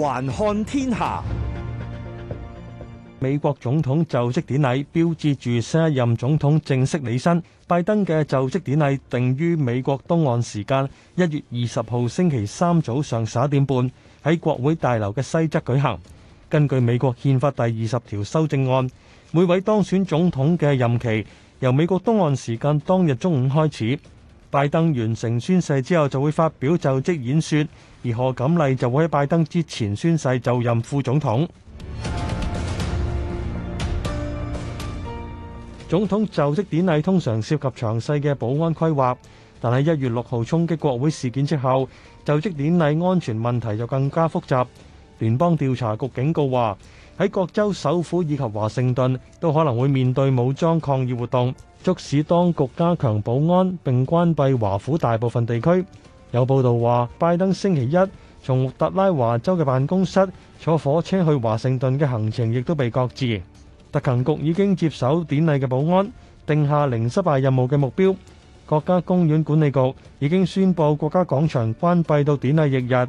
環看天下，美國總統就職典禮標誌住新一任總統正式履新。拜登嘅就職典禮定於美國東岸時間一月二十號星期三早上十一點半喺國會大樓嘅西側舉行。根據美國憲法第二十條修正案，每位當選總統嘅任期由美國東岸時間當日中午開始。拜登完成宣誓之後，就會發表就職演說，而賀錦麗就會喺拜登之前宣誓就任副總統。 總統就職典禮通常涉及詳細嘅保安規劃，但係一月六號衝擊國會事件之後，就職典禮安全問題就更加複雜。聯邦調查局警告話，喺各州首府以及華盛頓都可能會面對武裝抗議活動，促使當局加強保安並關閉華府大部分地區。有報道話，拜登星期一從特拉華州嘅辦公室坐火車去華盛頓嘅行程亦都被擱置。特勤局已經接手典禮嘅保安，定下零失敗任務嘅目標。國家公園管理局已經宣布國家廣場關閉到典禮翌日。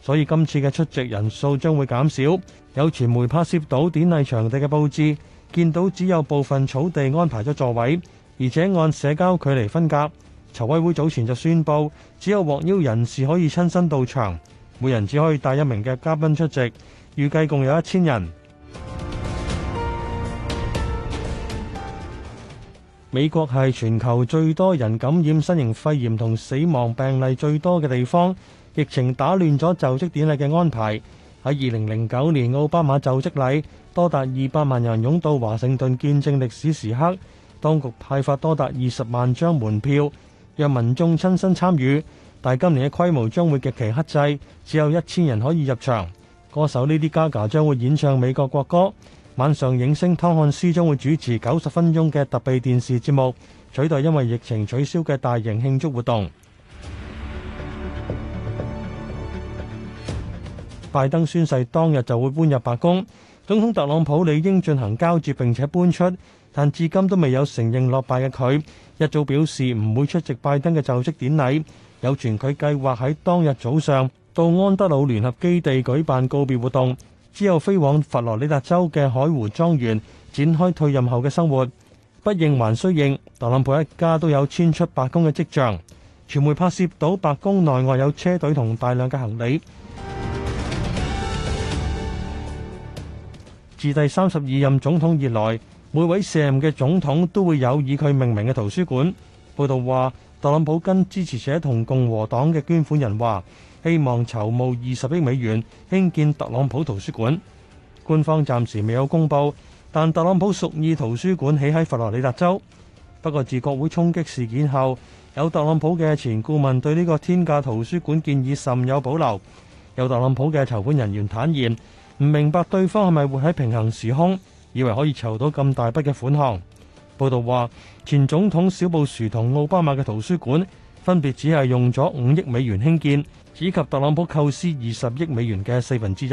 所以今次嘅出席人數將會減少。有傳媒拍攝到典禮場地嘅布置，見到只有部分草地安排咗座位，而且按社交距離分隔。籌委會早前就宣布，只有獲邀人士可以親身到場，每人只可以帶一名嘅嘉賓出席。預計共有一千人。美國係全球最多人感染新型肺炎同死亡病例最多嘅地方。疫情打亂咗就職典禮嘅安排。喺二零零九年，奧巴馬就職禮多達二百萬人湧到華盛頓見證歷史時刻，當局派發多達二十萬張門票，讓民眾親身參與。但今年嘅規模將會極其克制，只有一千人可以入場。歌手 Lady Gaga 將會演唱美國國歌。晚上影星湯漢斯將會主持九十分鐘嘅特備電視節目，取代因為疫情取消嘅大型慶祝活動。拜登宣誓當日就會搬入白宮，總統特朗普理應進行交接並且搬出，但至今都未有承認落敗嘅佢，一早表示唔會出席拜登嘅就職典禮，有傳佢計劃喺當日早上到安德魯聯合基地舉辦告別活動，之後飛往佛羅里達州嘅海湖莊園展開退任後嘅生活。不認還須認，特朗普一家都有遷出白宮嘅跡象，傳媒拍攝到白宮內外有車隊同大量嘅行李。自第三十二任總統以來，每位卸任嘅總統都會有以佢命名嘅圖書館。報道話，特朗普跟支持者同共和黨嘅捐款人話，希望籌募二十億美元興建特朗普圖書館，官方暫時未有公布，但特朗普屬意圖書館起喺佛羅里達州。不過自國會衝擊事件後，有特朗普嘅前顧問對呢個天價圖書館建議甚有保留。有特朗普嘅籌款人員坦言。唔明白對方係咪活喺平衡時空，以為可以籌到咁大筆嘅款項。報道話，前總統小布殊同奧巴馬嘅圖書館分別只係用咗五億美元興建，只及特朗普構思二十億美元嘅四分之一。